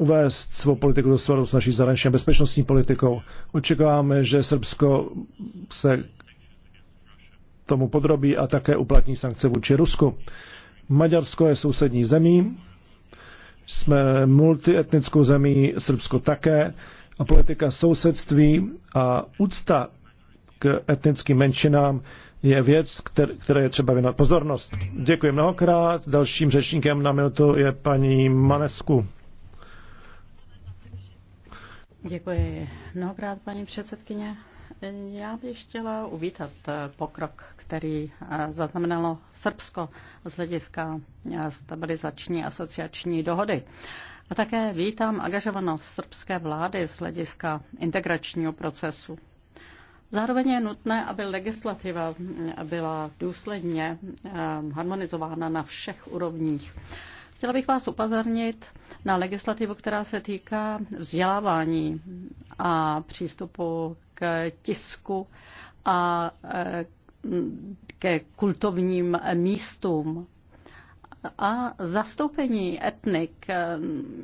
uvést svou politiku do souladu s naší zahraniční a bezpečnostní politikou. Očekáváme, že Srbsko se tomu podrobí a také uplatní sankce vůči Rusku. Maďarsko je sousední zemí, jsme multietnickou zemí, Srbsko také, a politika sousedství a úcta k etnickým menšinám je věc, které je třeba věnovat pozornost. Děkuji mnohokrát. Dalším řečníkem na minutu je paní Manesku. Děkuji mnohokrát, paní předsedkyně. Já bych chtěla uvítat pokrok, který zaznamenalo Srbsko z hlediska stabilizační asociační dohody. A také vítám angažovanost srbské vlády z hlediska integračního procesu. Zároveň je nutné, aby legislativa byla důsledně eh, harmonizována na všech úrovních. Chtěla bych vás upozornit na legislativu, která se týká vzdělávání a přístupu k tisku a e, ke kultovním místům a zastoupení etnik, e,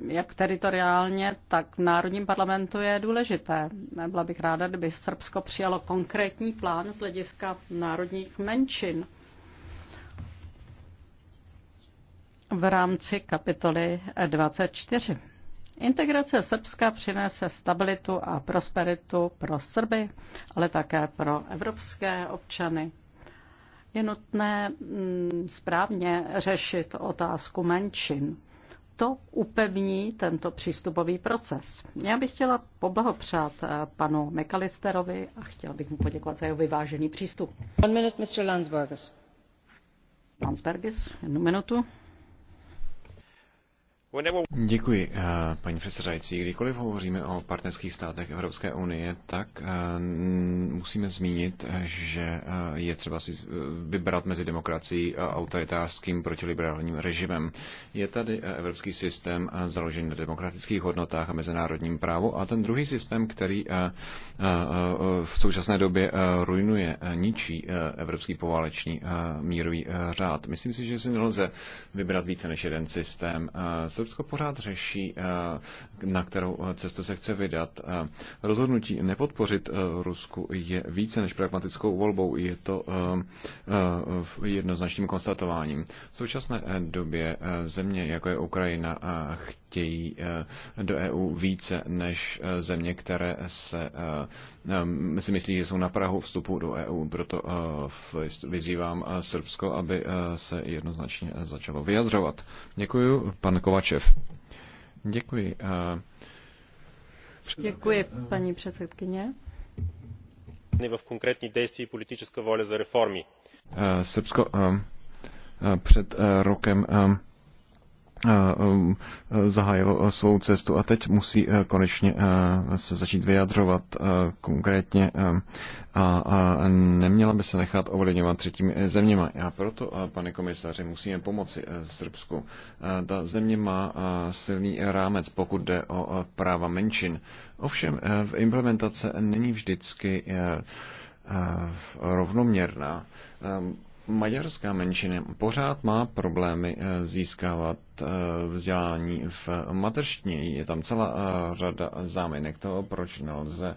jak teritoriálně, tak v Národním parlamentu je důležité. Byla bych ráda, kdyby Srbsko přijalo konkrétní plán z hlediska národních menšin. v rámci kapitoly 24. Integrace Srbska přinese stabilitu a prosperitu pro Srby, ale také pro evropské občany. Je nutné mm, správně řešit otázku menšin. To upevní tento přístupový proces. Já bych chtěla poblahopřát eh, panu McAllisterovi a chtěla bych mu poděkovat za jeho vyvážený přístup. One minute, Mr. Landsbergis. Landsbergis, jednu minutu. Děkuji, eh, paní předsedající. Kdykoliv hovoříme o partnerských státech Evropské unie, tak eh, musíme zmínit, že eh, je třeba si vybrat mezi demokracií a autoritářským protiliberálním režimem. Je tady evropský systém založený na demokratických hodnotách a mezinárodním právu a ten druhý systém, který v současné době ruinuje, ničí evropský poválečný mírový řád. Myslím si, že si nelze vybrat více než jeden systém Srbsko pořád řeší, eh, na kterou eh, cestu se chce vydat. Eh, rozhodnutí nepodpořit Rusku je více než pragmatickou volbou, je to jednoznačným konstatováním. V současné době země, jako je Ukrajina, chtějí do EU více než země, které se Ehm, si myslí, že jsou na Prahu vstupu do EU. Proto eh, vyzývám eh, Srbsko, aby eh, se jednoznačně začalo vyjadřovat. Děkuji, pan Kovačev. Děkuji. Děkuji, paní předsedkyně. V konkrétní dejství politického vole za reformy. Srbsko před rokem Um, zahájilo svou cestu a teď musí eh, konečně eh, se začít vyjadřovat eh, konkrétně a neměla by se nechat ovlivňovat třetími zeměma. A proto, pane komisaři, musíme pomoci Srbsku. Ta země má silný rámec, pokud jde o práva menšin. Ovšem, v implementace není vždycky rovnoměrná. Ehm, maďarská menšina pořád má problémy eh, získávat eh, vzdělání v mateřštině. Je tam celá eh, řada záminek toho, proč nelze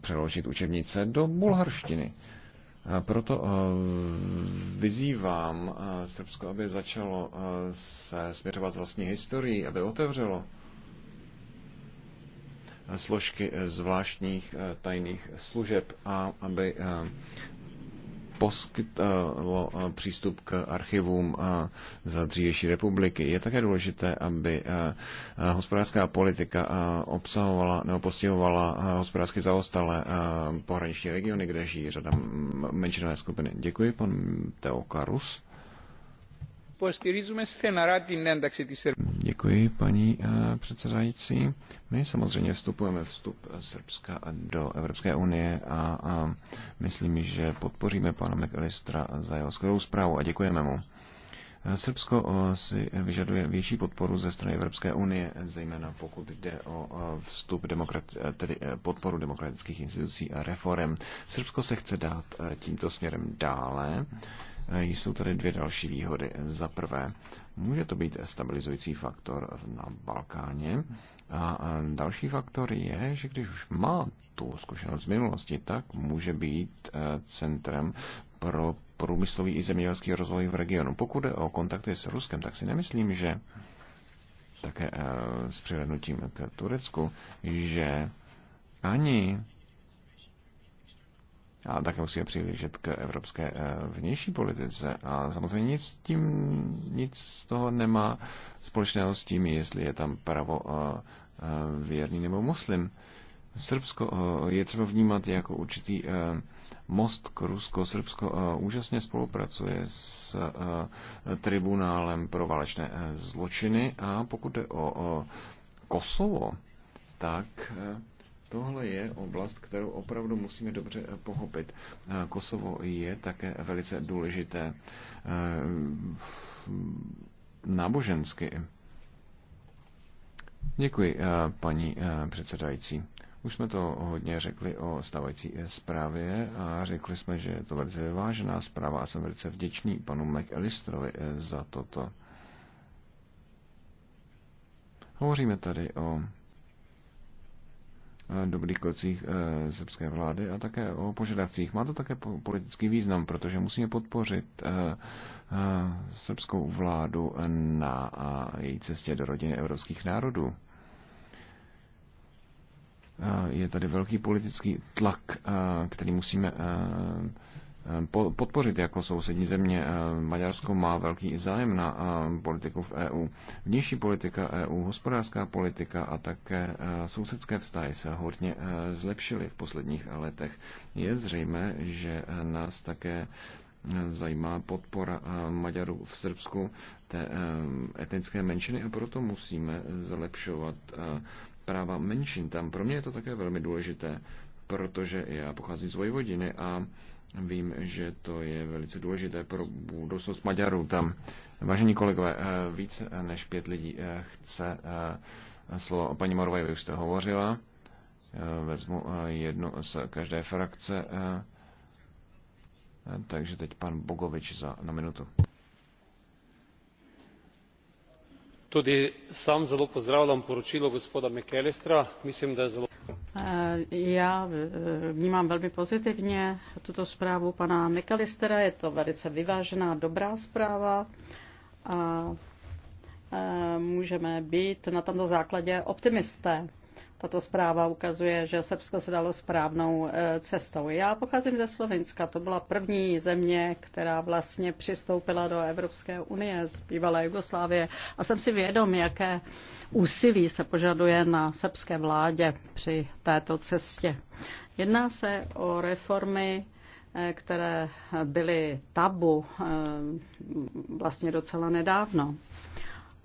přeložit učebnice do bulharštiny. Proto vyzývám Srbsko, aby začalo se směřovat vlastní historii, aby otevřelo složky zvláštních tajných služeb a aby poskytlo eh, přístup k archivům eh, za dřívější republiky. Je také důležité, aby eh, hospodářská politika obsahovala nebo postihovala hospodářsky zaostalé pohraniční regiony, kde žijí řada menšinové skupiny. Děkuji, pan Teokarus. Děkuji, paní eh, předsedající. My samozřejmě vstupujeme vstup Srbska do Evropské unie a, a myslím, že podpoříme pana McAllistera za jeho skvělou zprávu a děkujeme mu. Srbsko eh, si vyžaduje větší podporu ze strany Evropské unie, zejména pokud jde o eh, vstup demokrat, eh, tedy podporu demokratických institucí a reform. Srbsko se chce dát tímto směrem dále. Jsou tady dvě další výhody. Za prvé, může to být stabilizující faktor na Balkáně. A další faktor je, že když už má tu zkušenost z minulosti, tak může být centrem pro průmyslový i zemědělský rozvoj v regionu. Pokud jde o kontakty s Ruskem, tak si nemyslím, že také eh, s přihlednutím k Turecku, že ani a také musíme přihlížet k evropské eh, vnější politice. A samozřejmě nic, tím, nic z toho nemá společného s tím, jestli je tam pravo eh, věrný nebo muslim. Srbsko je třeba vnímat jako určitý Most k Rusko, Srbsko eh, úžasně spolupracuje s eh, tribunálem pro válečné eh, zločiny a pokud jde o Kosovo, tak tohle je oblast, kterou opravdu musíme dobře pochopit. Kosovo je také velice důležité nábožensky. Děkuji, paní předsedající. Už jsme to hodně řekli o stávající eh, zprávě a řekli jsme, že je to velice vyvážená zpráva a jsem velice vděčný panu McAllisterovi eh, za toto. Hovoříme tady o eh, dobrých krocích srbské vlády a také o požadavcích. Má to také politický význam, protože musíme podpořit srbskou vládu na její cestě do rodiny evropských národů. Eh, je tady velký politický tlak, eh, který musíme eh, podpořit jako sousední země. Maďarsko má velký zájem na politiku v EU. Vnější politika EU, hospodářská politika a také sousedské vztahy se hodně zlepšily v posledních letech. Je zřejmé, že nás také zajímá podpora Maďarů v Srbsku té etnické menšiny a proto musíme zlepšovat práva menšin tam. Pro mě je to také velmi důležité, protože já pocházím z Vojvodiny a vím, že to je velice důležité pro budoucnost Maďarů tam. Vážení kolegové, eh, více než pět lidí eh, chce eh, slovo. Paní Morové, vy už jste hovořila. Vezmu jednu z každé frakce. Takže teď pan Bogovič za na minutu. tudi sam zelo pozdravljam poročilo gospoda mcallistra myslím da je zelo. Eh, já eh, vnímám velmi pozitivně tuto zprávu pana mcallistera je to velice vyvážená dobrá zpráva a eh, můžeme být na tomto základě optimisté. Tato zpráva ukazuje, že Srbsko se dalo správnou eh, cestou. Já pocházím ze Slovenska, to byla první země, která vlastně přistoupila do Evropské unie z bývalé Jugoslávie a jsem si vědom, jaké úsilí se požaduje na srbské vládě při této cestě. Jedná se o reformy eh, které byly tabu eh, vlastně docela nedávno.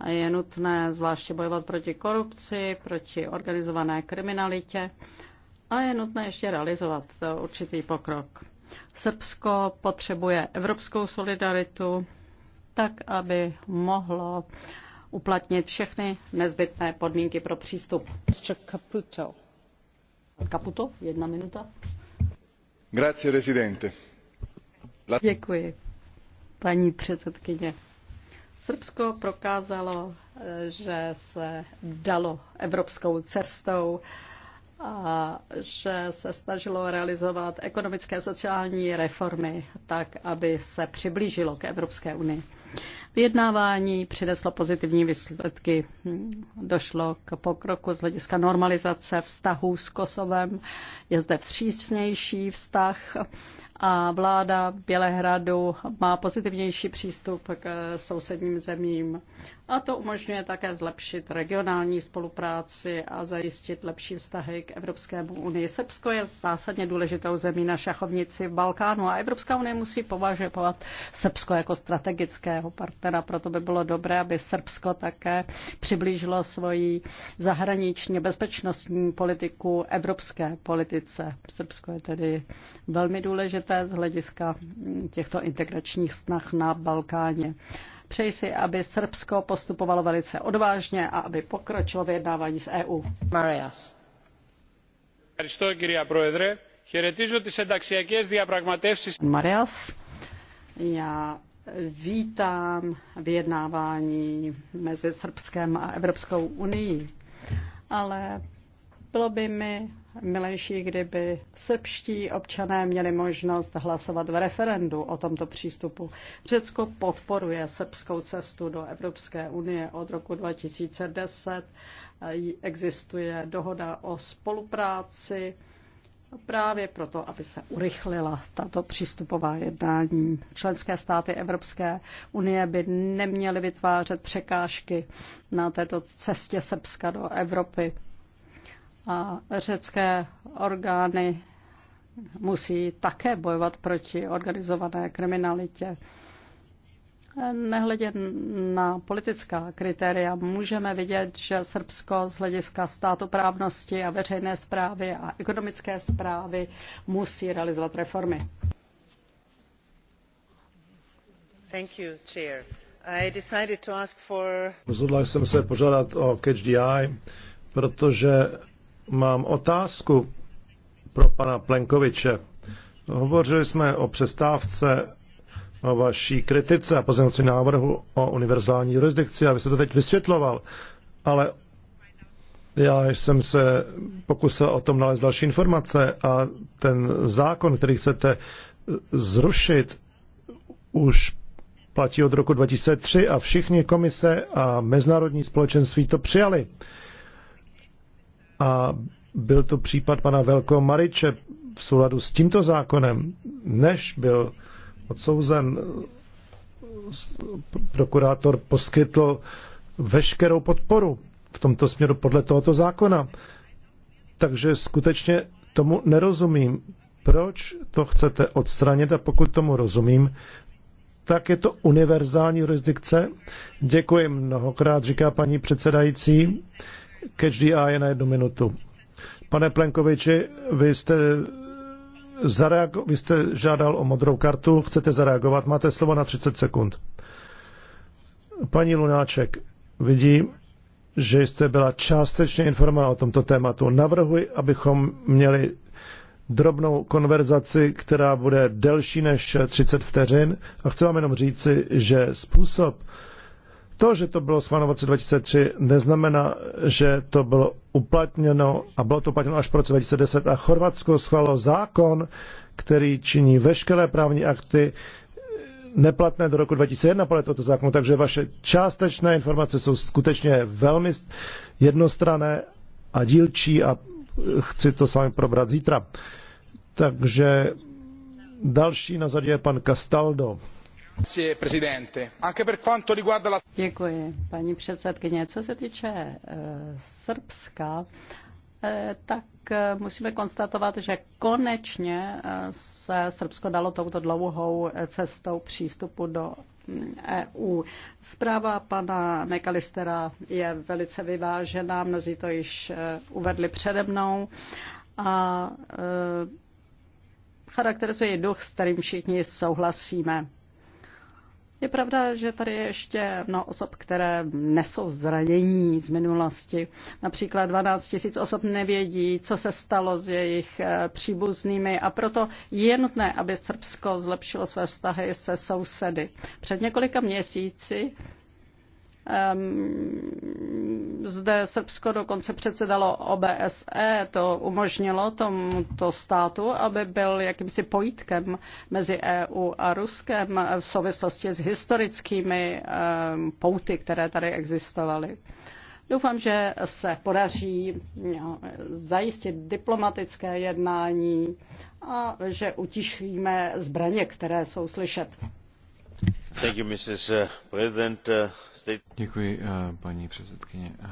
Je nutné zvláště bojovat proti korupci, proti organizované kriminalitě a je nutné ještě realizovat určitý pokrok. Srbsko potřebuje evropskou solidaritu, tak aby mohlo uplatnit všechny nezbytné podmínky pro přístup. Mr. Caputo. Caputo, jedna minuta. Grazie, presidente. La... Děkuji, paní předsedkyně. Srbsko prokázalo, že se dalo evropskou cestou a že se snažilo realizovat ekonomické a sociální reformy tak, aby se přiblížilo k Evropské unii. Vyjednávání přineslo pozitivní výsledky. Došlo k pokroku z hlediska normalizace vztahů s Kosovem. Je zde vstřícnější vztah a vláda Bělehradu má pozitivnější přístup k sousedním zemím. A to umožňuje také zlepšit regionální spolupráci a zajistit lepší vztahy k Evropskému unii. Srbsko je zásadně důležitou zemí na šachovnici v Balkánu a Evropská unie musí považovat Srbsko jako strategického partnera Teda proto by bylo dobré, aby Srbsko také přiblížilo svoji zahraniční bezpečnostní politiku evropské politice. Srbsko je tedy velmi důležité z hlediska mm, těchto integračních snah na Balkáně. Přeji si, aby Srbsko postupovalo velice odvážně a aby pokročilo vyjednávání s EU. Marias. Marias, já vítám vyjednávání mezi Srbskem a Evropskou unii, ale bylo by mi milejší, kdyby srbští občané měli možnost hlasovat v referendu o tomto přístupu. Řecko podporuje srbskou cestu do Evropské unie od roku 2010. Existuje dohoda o spolupráci právě proto, aby se urychlila tato přístupová jednání. Členské státy Evropské unie by neměly vytvářet překážky na této cestě Srbska do Evropy. A řecké orgány musí také bojovat proti organizované kriminalitě. Nehledě na politická kritéria můžeme vidět, že Srbsko z hlediska státno-právnosti a veřejné zprávy a ekonomické zprávy musí realizovat reformy. Thank you, chair. I decided to ask for... Rozhodla jsem se požádat o Catch the Eye, protože mám otázku pro pana Plenkoviče. Hovořili jsme o přestávce o vaší kritice a pozemnoci návrhu o univerzální jurisdikci a vy jste to teď vysvětloval, ale já jsem se pokusil o tom nalézt další informace a ten zákon, který chcete zrušit, už platí od roku 2003 a všichni komise a mezinárodní společenství to přijali. A byl to případ pana Velko Mariče v souladu s tímto zákonem, než byl odsouzen. Prokurátor poskytl veškerou podporu v tomto směru podle tohoto zákona. Takže skutečně tomu nerozumím. Proč to chcete odstranit a pokud tomu rozumím, tak je to univerzální jurisdikce. Děkuji mnohokrát, říká paní předsedající. Catch the eye na jednu minutu. Pane Plenkoviči, vy jste zareago- vy jste žádal o modrou kartu, chcete zareagovat, máte slovo na 30 sekund. Paní Lunáček, vidím, že jste byla částečně informovaná o tomto tématu. Navrhuji, abychom měli drobnou konverzaci, která bude delší než 30 vteřin. A chci vám jenom říci, že způsob, to, že to bylo schváleno v roce 2003, neznamená, že to bylo uplatněno a bylo to uplatněno až v roce 2010 a Chorvatsko schválilo zákon, který činí veškeré právní akty neplatné do roku 2001 podle tohoto zákonu, takže vaše částečné informace jsou skutečně velmi jednostrané a dílčí a chci to s vámi probrat zítra. Takže další na zadě je pan Castaldo. Děkuji, paní předsedkyně. Co se týče eh, Srbska, eh, tak eh, musíme konstatovat, že konečně se Srbsko dalo touto dlouhou cestou přístupu do mm, EU. Zpráva pana Mekalistera je velice vyvážená, mnozí to již uvedli přede mnou. A charakterizuje duch, s kterým všichni souhlasíme. Je pravda, že tady je ještě mnoho osob, které nesou zranění z minulosti. Například 12 000 osob nevědí, co se stalo s jejich eh, příbuznými a proto je nutné, aby Srbsko zlepšilo své vztahy se sousedy. Před několika měsíci ehm, zde Srbsko dokonce předsedalo OBSE, to umožnilo tomuto státu, aby byl jakýmsi pojítkem mezi EU a Ruskem v souvislosti s historickými ehm, pouty, které tady existovaly. Doufám, že se podaří zajistit diplomatické jednání a že utišíme zbraně, které jsou slyšet. Děkuji, eh, paní předsedkyně. Eh,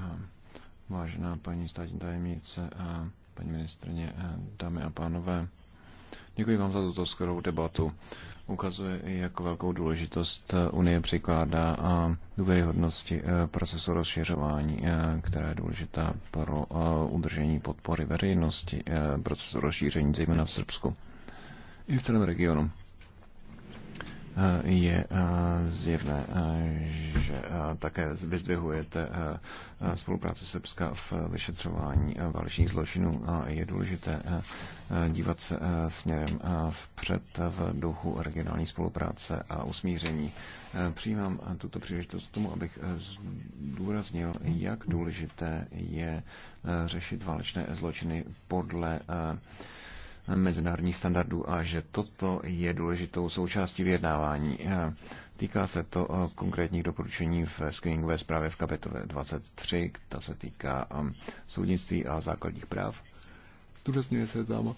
vážená paní státní tajemnice, eh, paní ministrině, dámy a pánové. Děkuji vám za tuto skvělou debatu. Ukazuje, i jak velkou důležitost Unie přikládá a důvěryhodnosti procesu rozšiřování, která je důležitá pro udržení podpory veřejnosti procesu rozšíření, zejména v Srbsku i v celém regionu je eh, zjevné, eh, že eh, také vyzdvihujete spolupráci Srbska v vyšetřování válečných zločinů a je důležité dívat se směrem vpřed v duchu regionální spolupráce a usmíření. Přijímám tuto příležitost k tomu, abych zdůraznil, jak důležité je řešit válečné zločiny podle mezinárodních standardů a že toto je důležitou součástí vyjednávání. Eh, týká se to eh, konkrétních doporučení v screeningové zprávě v kapitole 23, která se týká eh, soudnictví a základních práv. Zdůrazňuje se tam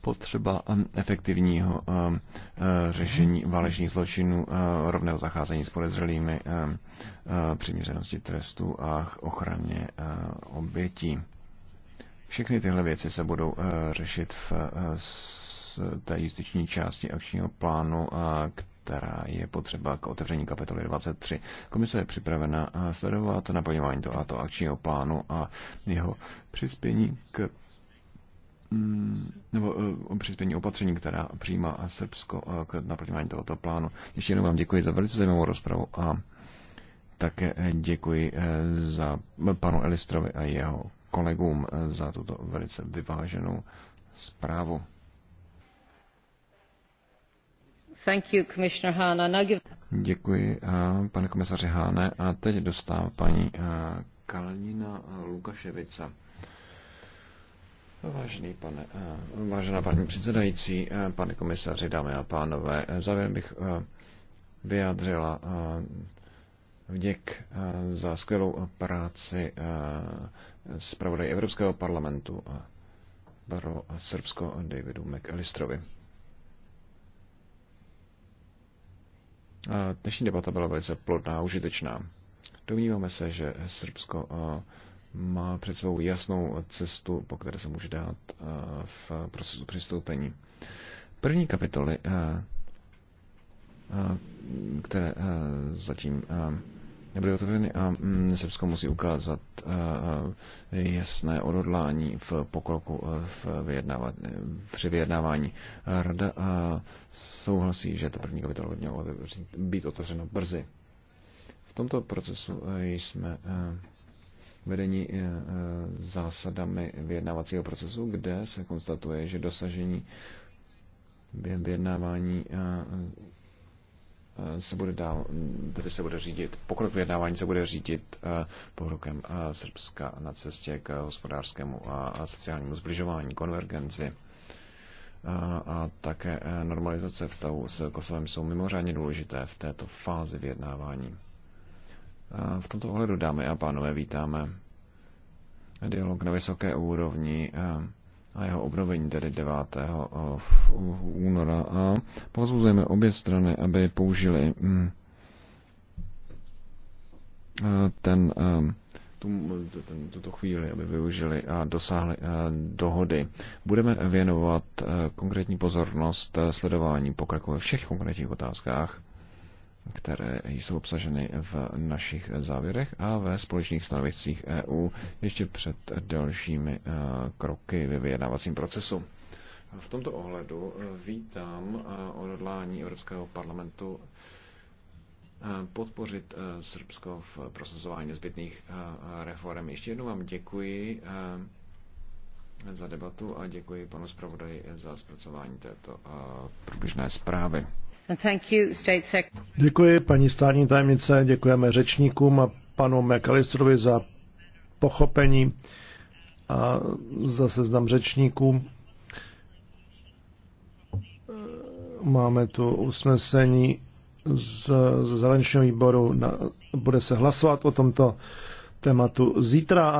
potřeba efektivního řešení válečných zločinů, rovného zacházení s podezřelými, přiměřenosti trestu a ochraně obětí. Všechny tyhle věci se budou eh, řešit v eh, té justiční části akčního plánu, eh, která je potřeba k otevření kapitoly 23. Komise je připravena sledovat naplňování tohoto akčního plánu a jeho přispění k mm, nebo o přispění opatření, která přijímá Srbsko k naplňování tohoto plánu. Ještě jednou vám děkuji za velice zajímavou rozpravu a také děkuji za panu Elistrovi a jeho kolegům eh, za tuto velice vyváženou zprávu. Thank you, Commissioner Hanna. Give... Děkuji, eh, pane komisaři Háne. A teď dostává paní eh, Kalnina Lukaševica. Vážený pane, vážená paní předsedající, pane komisaři, dámy a pánové, závěrem bych vyjádřila Vděk eh, za skvělou eh, práci eh, zpravodaj Evropského parlamentu pro Srbsko Davidu McAllisterovi. Dnešní debata byla velice plodná a užitečná. Domníváme se, že Srbsko má před svou jasnou cestu, po které se může dát v procesu přistoupení. První kapitoly, které zatím otevřeny a mm, Srbsko musí ukázat jasné odhodlání v pokroku v vyjednávat, při vyjednávání. Rada souhlasí, že to první kapitola by měla být otevřeno brzy. V tomto procesu jsme vedení zásadami vyjednávacího procesu, kde se konstatuje, že dosažení během vyjednávání Eh, se bude dál, tedy se bude řídit, pokrok vyjednávání se bude řídit eh, pokrokem eh, Srbska na cestě k hospodářskému a sociálnímu zbližování, konvergenci a také normalizace vztahu s Kosovem jsou mimořádně důležité v této fázi vyjednávání. V tomto ohledu, dámy a pánové, vítáme dialog na vysoké úrovni a jeho obnovení tedy 9. Eh, února. A pozvuzujeme obě strany, aby použili mm, eh, ten, eh, tu, ten, tuto chvíli, aby využili a dosáhli dohody. Budeme věnovat konkrétní pozornost sledování pokraku ve všech konkrétních otázkách které jsou obsaženy v našich závěrech a ve společných stanoviscích EU ještě před dalšími eh, kroky ve vyjednávacím procesu. V tomto ohledu eh, vítám eh, odhodlání Evropského parlamentu podpořit Srbsko v procesování zbytných reform. Ještě jednou vám děkuji za debatu a děkuji panu zpravodaji za zpracování této průběžné zprávy. Děkuji paní státní tajemnice, děkujeme řečníkům a panu McAllisterovi za pochopení a za seznam řečníků. Máme tu usnesení z, z zahraničního výboru. Na, bude se hlasovat o tomto tématu zítra.